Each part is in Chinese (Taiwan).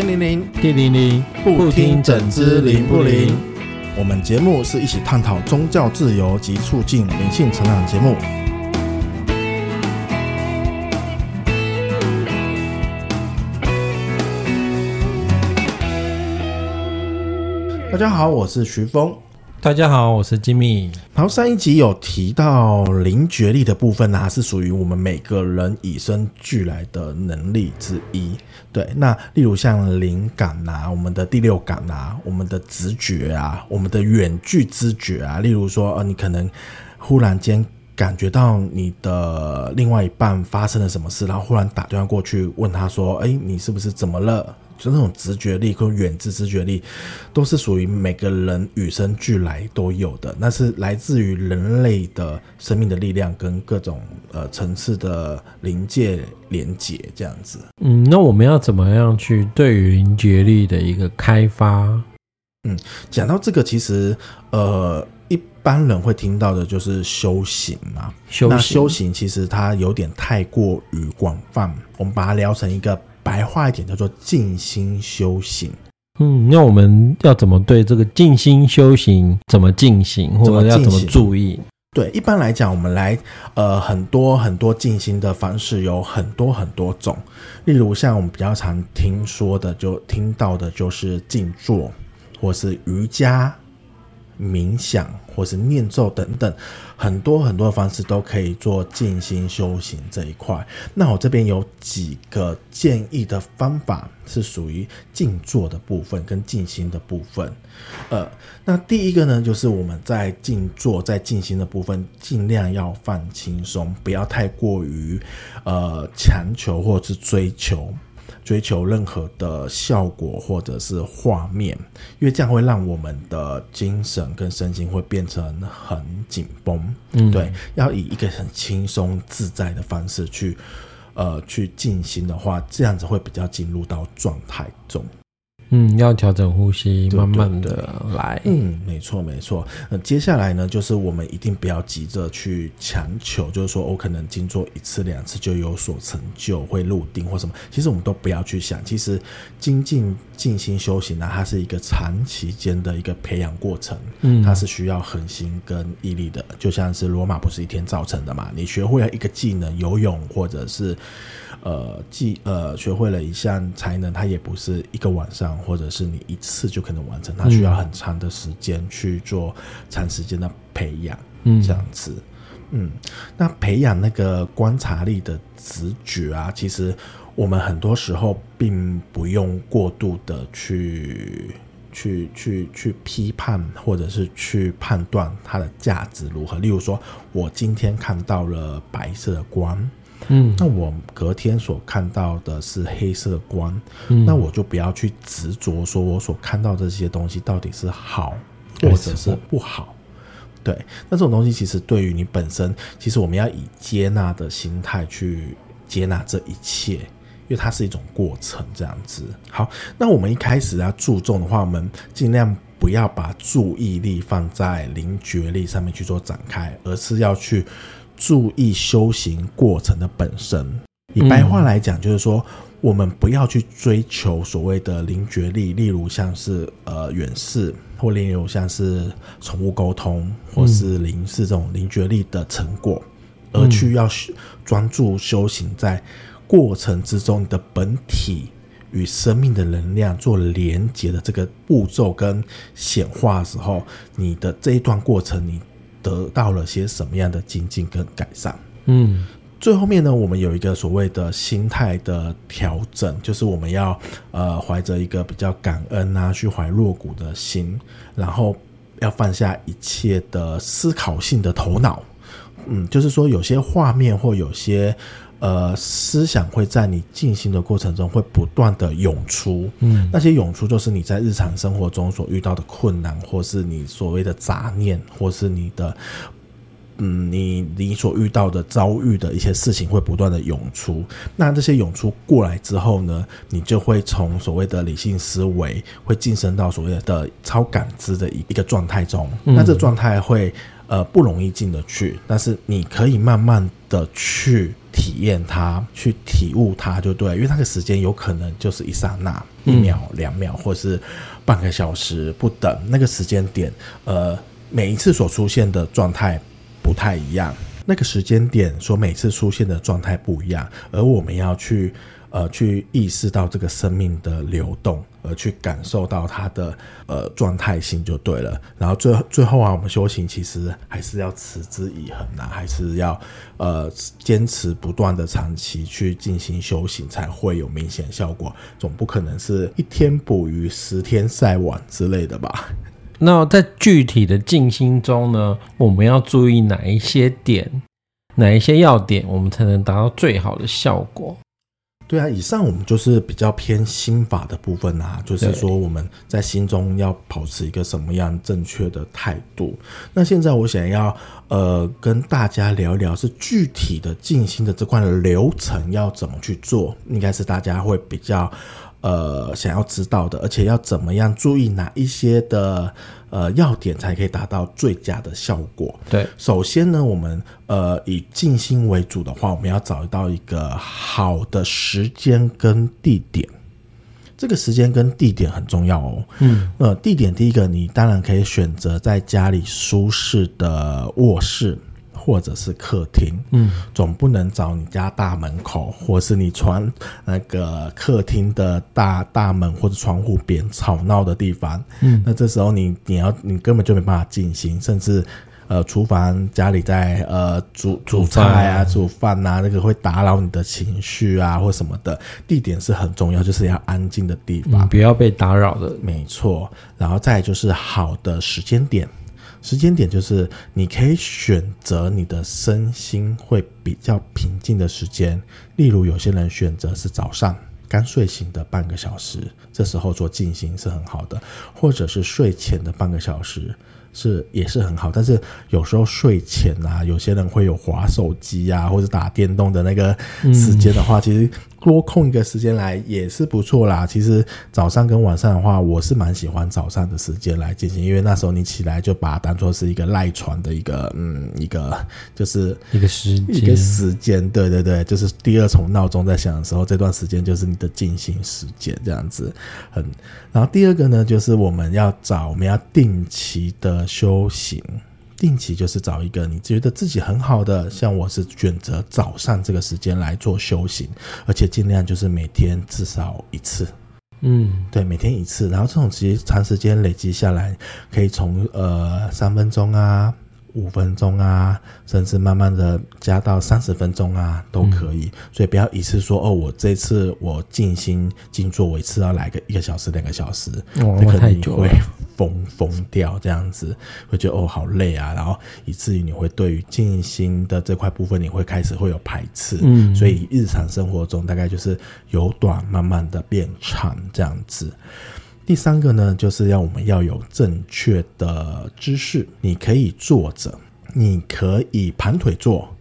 天靈靈，地靈靈，不聽怎知靈不靈？我們節目是一起探討宗教自由及促進靈性成長節目。大家好，我是徐峰。大家好，我是 Jimmy。然後上一集有提到靈覺力的部分啊，是屬於我們每個人與生俱來的能力之一。對，那例如像靈感啊，我們的第六感啊，我們的直覺啊，我們的遠距知覺啊，例如說，呃，你可能忽然間感覺到你的另外一半發生了什麼事，然後忽然打電話過去問他說：“哎，你是不是怎麼了？”就那種直覺力跟遠知直覺力，都是屬於每個人與生俱來都有的，那是來自於人類的生命的力量跟各種呃層次的靈界連結。這樣子。嗯，那我們要怎麼樣去對於靈覺力的一個開發？嗯，講到這個，其實呃一般人會聽到的就是修行嘛。修行那修行其實它有點太過於廣泛，我們把它聊成一個。白話一點叫做靜心修行。嗯，那我們要怎麼對這個靜心修行怎麼進行？怎麼進行，或者要怎麼注意？對，一般來講，我們來呃，很多很多靜心的方式有很多很多種。例如，像我們比較常聽說的，就聽到的就是靜坐，或是瑜伽。冥想或是念咒等等，很多很多方式都可以做靜心修行這一塊。那我這邊有幾個建議的方法，是屬於靜坐的部分跟靜心的部分。呃，那第一個呢，就是我們在靜坐在靜心的部分，盡量要放輕鬆，不要太過於呃強求或是追求。追求任何的效果或者是畫面，因為這樣會讓我們的精神跟身心會變成很緊繃。嗯，嗯，對，要以一個很輕鬆自在的方式去，呃，去進行的話，這樣子會比較進入到狀態中。嗯，要調整呼吸，對對對，慢慢的來。嗯，沒錯沒錯。那、嗯、接下來呢，就是我們一定不要急着去強求，就是說，我、哦、可能經做一次兩次就有所成就，會入定或什麼。其實我們都不要去想，其實精進靜心修行呢、啊，它是一個長期間的一個培養過程，嗯，它是需要恆心跟毅力的。嗯、就像是羅馬不是一天造成的嘛，你學會了一個技能，游泳或者是。呃，既呃，學會了一項才能，它也不是一個晚上，或者是你一次就可能完成，它需要很長的時間去做長時間的培養，這樣子。嗯，嗯，那培養那個觀察力的直覺啊，其實我們很多時候並不用過度的去去去去，去批判，或者是去判斷它的價值如何。例如說，我今天看到了白色的光。嗯，那我隔天所看到的是黑色的光。嗯，那我就不要去執着，說我所看到的這些東西到底是好或者是不好，嗯、對，對，對。那這種東西其實對於你本身，其實我們要以接納的心態去接納這一切，因為它是一種過程，這樣子。好，那我們一開始要注重的話，嗯、我們儘量不要把注意力放在靈覺力上面去做展開，而是要去。注意修行過程的本身，以白話來講，就是說、嗯，我們不要去追求所謂的靈覺力，例如像是呃遠視，或例如像是寵物溝通，或是靈視、嗯、這種靈覺力的成果，而去要專注修行，在過程之中，嗯、你的本體與生命的能量做連接的這個步驟跟顯化的時候，你的這一段過程，你。得到了些什麼樣的精進跟改善？嗯，最後面呢，我們有一個所謂的心態的調整，就是我們要呃懷着一個比較感恩啊、虛懷若谷的心，然後要放下一切的思考性的頭腦。嗯，就是說有些畫面或有些。呃，思想會在你進行的過程中會不斷的湧出，嗯，那些湧出就是你在日常生活中所遇到的困難，或是你所謂的雜念，或是你的，嗯，你你所遇到的遭遇的一些事情會不斷的湧出。那這些湧出過來之後呢，你就會從所謂的理性思維會晉升到所謂的超感知的一個狀態中，嗯、那這狀態會。呃，不容易進得去，但是你可以慢慢的去體驗它，去體悟它，就對，因為那個時間有可能就是一剎那，一秒、兩秒，或者是半個小時不等。那個時間點，呃，每一次所出現的狀態不太一樣。那個時間點所每次出現的狀態不一樣，而我們要去呃去意識到這個生命的流動。而去感受到它的呃狀態性就對了。然後最最後啊，我們修行其實還是要持之以恆啊，還是要呃堅持不斷的長期去進行修行，才會有明顯效果。總不可能是一天捕魚，十天曬網之類的吧？那在具體的進行中呢，我們要注意哪一些點，哪一些要點，我們才能達到最好的效果？對啊，以上我們就是比較偏心法的部分啊，就是說我們在心中要保持一個什麼樣正確的態度。那現在我想要呃跟大家聊一聊，是具體的靜心的這塊的流程要怎麼去做，應該是大家會比較。呃，想要知道的，而且要怎麼樣注意哪一些的呃要點，才可以達到最佳的效果？對，首先呢，我們呃以靜心為主的話，我們要找到一個好的時間跟地點，這個時間跟地點很重要哦。嗯，呃，地點第一個，你當然可以選擇在家裡舒適的臥室。或者是客廳，嗯，總不能找你家大門口，或是你穿那個客廳的大大門或者窗戶邊吵鬧的地方，嗯，那這時候你你要你根本就沒辦法進行，甚至呃廚房家裡在呃煮煮菜啊、煮飯啊、嗯、啊，那個會打擾你的情緒啊或什麼的，地點是很重要，就是要安靜的地方，嗯，不要被打擾的，沒錯。然後再就是好的時間點。時間點就是你可以選擇你的身心會比較平靜的時間，例如有些人選擇是早上剛睡醒的半個小時，這時候做靜心是很好的；或者是睡前的半個小時，是也是很好。但是有時候睡前啊，有些人會有滑手機啊或者打電動的那個時間的話，嗯、其實。多空一個時間來也是不錯啦。其實早上跟晚上的話，我是蠻喜歡早上的時間來進行，因為那時候你起來就把它當做是一個賴床的一個，嗯，一個就是一個時一個時間，對對對，就是第二重鬧鐘在響的時候，這段時間就是你的進行時間，這樣子很。然後第二個呢，就是我們要找，我們要定期的修行。定期，就是找一個你覺得自己很好的，像我是選擇早上這個時間來做修行，而且儘量就是每天至少一次。嗯，對，每天一次，然後這種其實長時間累積下來，可以從呃三分鐘啊、五分鐘啊，甚至慢慢的加到三十分鐘啊，都可以、嗯。所以不要一次說哦，我這次我靜心靜坐，我一次要來個一個小時、兩個小時，那、哦、太久了。瘋瘋掉這樣子，會覺得哦好累啊，然後以至於你會對於靜心的這塊部分，你會開始會有排斥。嗯。所以日常生活中大概就是由短慢慢的變長這樣子。第三個呢，就是要我們要有正確的姿勢，你可以坐着，你可以盤腿坐，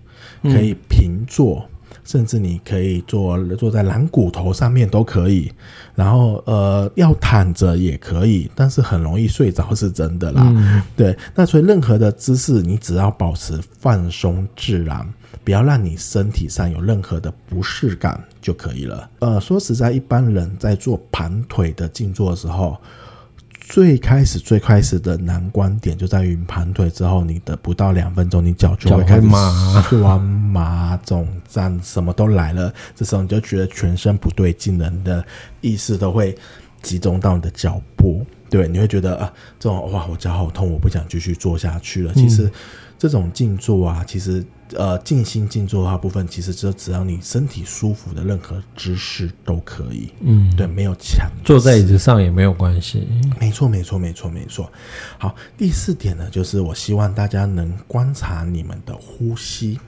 可以平坐。嗯甚至你可以坐坐在懶骨頭上面都可以，然後呃要躺着也可以，但是很容易睡着是真的啦、嗯。對，那所以任何的姿勢，你只要保持放鬆自然，不要讓你身體上有任何的不適感就可以了。呃，說實在，一般人在做盤腿的靜坐的時候，最開始、最開始的難關點就在於盤腿之後，你的不到兩分鐘，你腳就會開始酸、麻、腫、脹，什麼都來了。這時候你就覺得全身不對勁，人的意識都會集中到你的腳部。對，你會覺得啊，這種哇，我腳好痛，我不想繼續做下去了。其實，這種靜坐啊，其實呃，靜心靜坐的部分，其實就只要你身體舒服的任何姿勢都可以。嗯，對，沒有強，坐在椅子上也沒有關係。沒錯，沒錯，沒錯，沒錯。好，第四點呢，就是我希望大家能觀察你們的呼吸，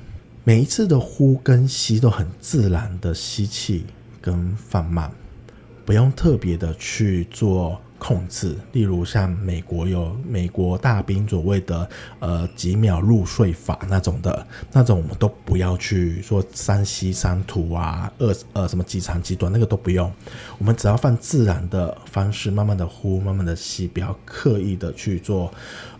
每一次的呼跟吸都很自然的吸氣跟放慢，不用特別的去做控制，例如像美國有美國大兵所謂的呃幾秒入睡法那種的，那種我們都不要去說，三吸三吐啊，二呃什麼幾長幾短，那個都不用。我們只要放自然的方式，慢慢的呼，慢慢的吸，不要刻意的去做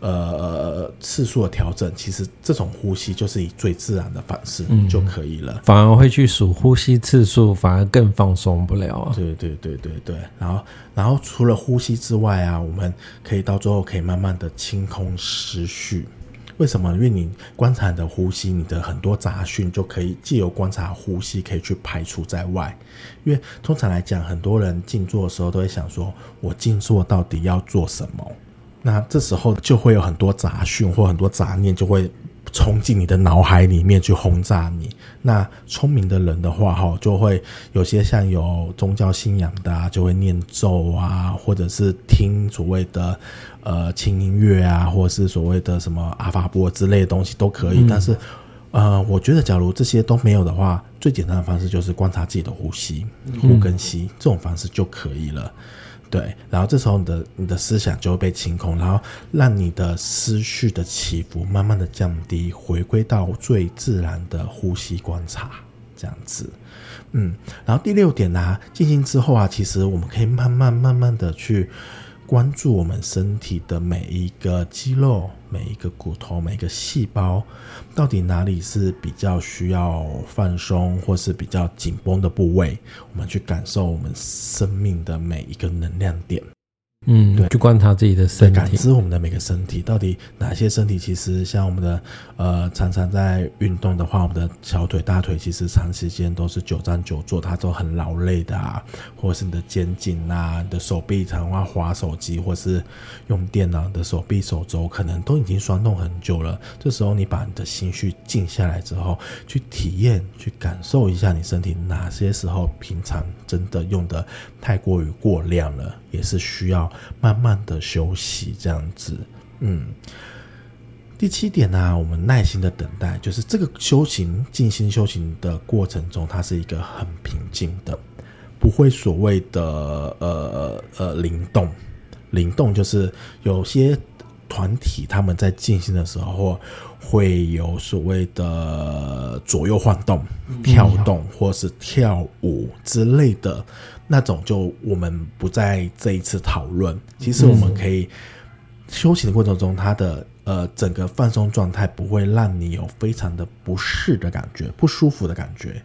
呃呃次數的調整。其實這種呼吸就是以最自然的方式，嗯，就可以了。反而會去數呼吸次數，反而更放鬆不了，啊。對對對對對。然後然後除了呼吸。息之外啊，我們可以到最後可以慢慢的清空思緒。為什麼？因為你觀察你的呼吸，你的很多雜訊就可以借由觀察呼吸，可以去排除在外。因為通常來講，很多人靜坐的時候都會想說：“我靜坐到底要做什麼？”那這時候就會有很多雜訊或很多雜念就會。衝進你的腦海裡面去轟炸你。那聰明的人的話，就會有些像有宗教信仰的、啊，就會念咒啊，或者是聽所謂的呃輕音樂啊，或者是所謂的什麼阿法波之類的東西都可以、嗯。但是，呃，我覺得假如這些都沒有的話，最簡單的方式就是觀察自己的呼吸，呼跟吸、嗯、這種方式就可以了。對，然後這時候你的你的思想就會被清空，然後讓你的思緒的起伏慢慢的降低，回歸到最自然的呼吸觀察這樣子，嗯，然後第六點呢、啊，靜心之後啊，其實我們可以慢慢慢慢的去。關注我們身體的每一個肌肉、每一個骨頭、每一個細胞，到底哪裡是比較需要放鬆，或是比較緊繃的部位，我們去感受我們生命的每一個能量點。嗯，對，去觀察自己的身體，感知我們的每個身體到底哪些身體，其實像我們的呃常常在運動的話，我們的小腿、大腿其實長時間都是久站久坐，它都很勞累的啊。或是你的肩頸啊，你的手臂長，常常滑手機，或是用電腦，你的手臂、手肘，可能都已經痠痛很久了。這時候你把你的心緒靜下來之後，去體驗、去感受一下你身體哪些時候平常真的用得太過於過量了，也是需要。慢慢的休息。這樣子，嗯。第七點呢、啊，我們耐心的等待，就是這個修行、靜心修行的過程中，它是一個很平靜的，不會所謂的呃呃靈動，靈動就是有些團體他們在靜心的時候會有所謂的左右晃動、嗯、跳動、嗯，或是跳舞之類的。那種就我們不在這一次討論。其實我們可以休息的過程中，它的呃整個放鬆狀態不會讓你有非常的不適的感覺、不舒服的感覺。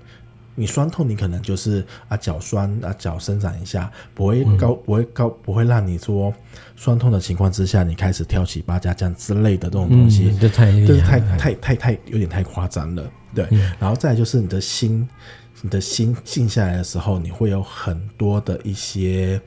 你酸痛，你可能就是啊腳酸啊腳伸展一下，不會高、嗯、不會高，不會讓你說酸痛的情況之下，你開始跳起八家將之類的這種東西，這、嗯、太、就是、太太太太，太有點太誇張了。對，嗯、然後再來就是你的心。你的心靜下來的時候，你會有很多的一些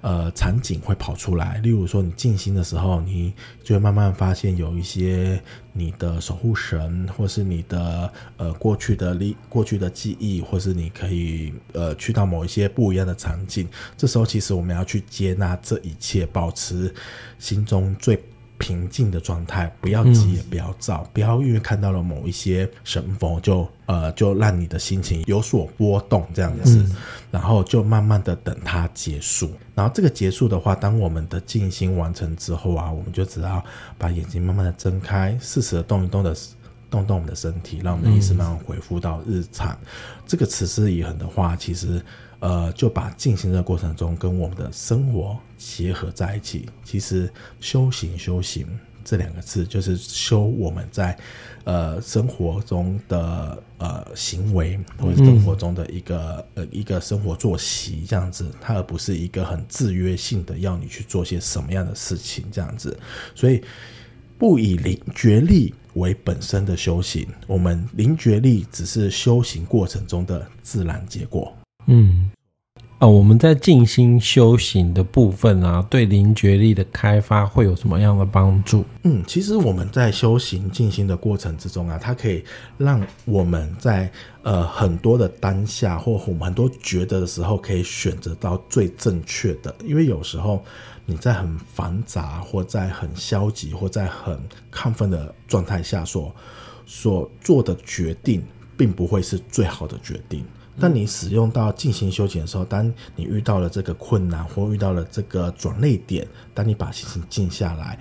呃場景會跑出來。例如說，你靜心的時候，你就會慢慢發現有一些你的守護神，或是你的呃過去的歷過去的記憶，或是你可以呃去到某一些不一樣的場景。這時候，其實我們要去接納這一切，保持心中最。平靜的狀態，不要急，也不要躁、嗯，不要因為看到了某一些神佛就呃，就讓你的心情有所波動這樣子、嗯，然後就慢慢的等它結束。然後這個結束的話，當我們的靜心完成之後啊，我們就只要把眼睛慢慢的睜開，適時的動一動的動動我們的身體，讓我們的意識慢慢恢復到日常。嗯、這個持之以恆的話，其實。呃，就把進行的過程中跟我們的生活結合在一起。其實“修行”“修行”這兩個字，就是修我們在呃生活中的呃行為，或者生活中的一個呃一個生活作息這樣子，它而不是一個很制約性的，要你去做些什麼樣的事情這樣子。所以，不以靈覺力為本身的修行，我們靈覺力只是修行過程中的自然結果。嗯，啊，我們在靜心修行的部分啊，對靈覺力的開發會有什麼樣的幫助？嗯，其實我們在修行靜心的過程之中啊，它可以讓我們在呃很多的當下或我們很多覺得的時候，可以選擇到最正確的。因為有時候你在很繁雜或在很消極或在很亢奮的狀態下所所做的決定，並不會是最好的決定。當你使用到進行修行的時候，當你遇到了這個困難或遇到了這個轉捩點，當你把心情靜下來，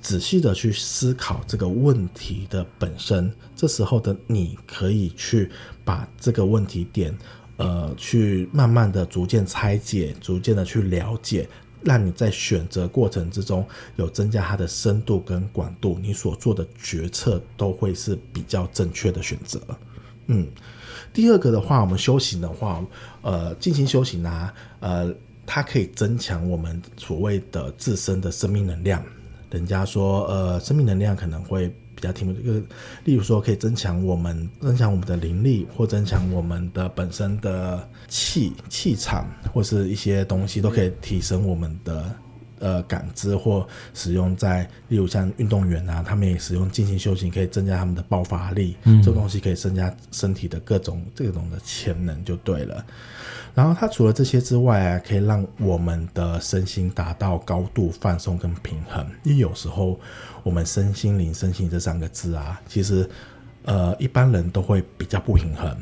仔細的去思考這個問題的本身，這時候的你可以去把這個問題點，呃，去慢慢的、逐漸拆解，逐漸的去了解，讓你在選擇過程之中有增加它的深度跟廣度，你所做的決策都會是比較正確的選擇。嗯，第二個的話，我們修行的話，呃，進行修行啊，呃，它可以增強我們所謂的自身的生命能量。人家說，呃，生命能量可能會比較聽這個，例如說可以增強我們，增強我們的靈力，或增強我們的本身的氣氣場，或是一些東西都可以提升我們的。呃，感知或使用在，例如像運動員啊，他們也使用靜心修行，可以增加他們的爆發力。嗯，這東西可以增加身體的各種這種的潛能，就對了。然後它除了這些之外啊，可以讓我們的身心達到高度放鬆跟平衡。因為有時候我們身心靈、身心這三個字啊，其實呃，一般人都會比較不平衡。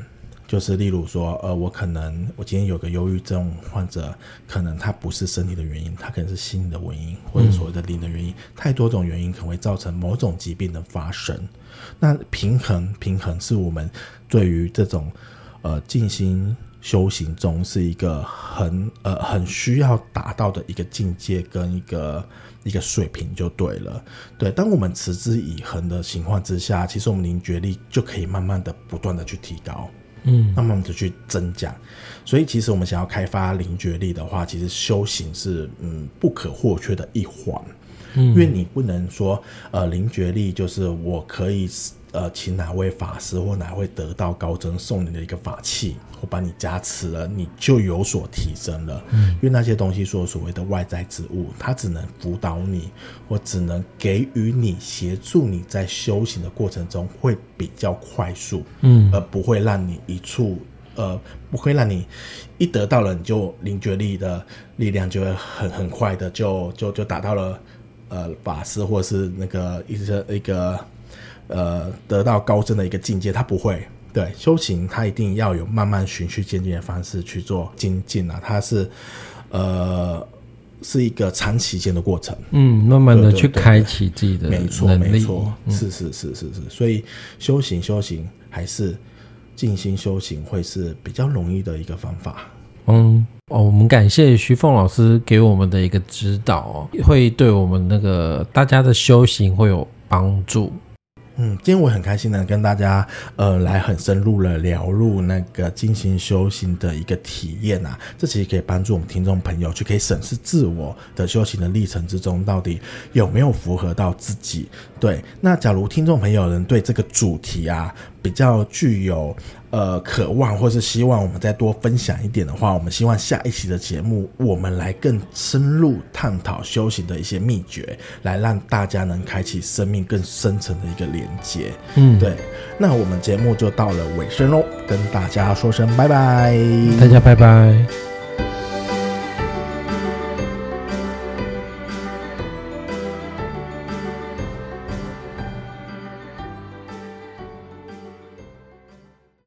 就是例如說，呃，我可能我今天有個憂鬱症患者，可能他不是身體的原因，他可能是心理的原因，或者所謂的靈的原因，嗯，太多種原因可能會造成某種疾病的發生。那平衡平衡是我們對於這種呃靜心修行中是一個很呃很需要達到的一個境界跟一個一個水平就對了。對，當我們持之以恆的情況之下，其實我們靈覺力就可以慢慢的不斷的去提高。嗯，那麼我們就去增加，所以其實我們想要開發靈覺力的話，其實修行是嗯不可或缺的一環，嗯，因為你不能說呃靈覺力就是我可以。呃，請哪位法師或哪位得道高僧送你的一個法器，或把你加持了，你就有所提升了。嗯，因為那些東西說所謂的外在之物，它只能輔導你，或只能給予你協助你，在修行的過程中會比較快速。嗯，而不會讓你一觸，呃，不會讓你一得到了你就靈覺力的力量就會很很快的就就就達到了。呃，法師或者是那個一直一個。呃，得到高深的一個境界，他不會對修行，他一定要有慢慢循序漸進的方式去做精進啊，它是呃是一個長期間的過程，嗯，慢慢的去開啟自己的。對對對，沒錯，沒錯，是、嗯、是是是是，所以修行修行還是靜心修行會是比較容易的一個方法，嗯哦，我們感謝徐峰老師給我們的一個指導哦，會對我們那個大家的修行會有幫助。嗯，今天我很開心呢，跟大家，呃，來很深入的聊入那個靜心修行的一個體驗吶、啊。這其實可以幫助我們聽眾朋友去可以審視自我的修行的歷程之中，到底有沒有符合到自己。對，那假如聽眾朋友人對這個主題啊。比較具有呃渴望或是希望，我們再多分享一點的話，我們希望下一期的節目，我們來更深入探討修行的一些祕訣，來讓大家能開啟生命更深層的一個連接。嗯，對。那我們節目就到了尾聲嘍，跟大家說聲拜拜，大家拜拜。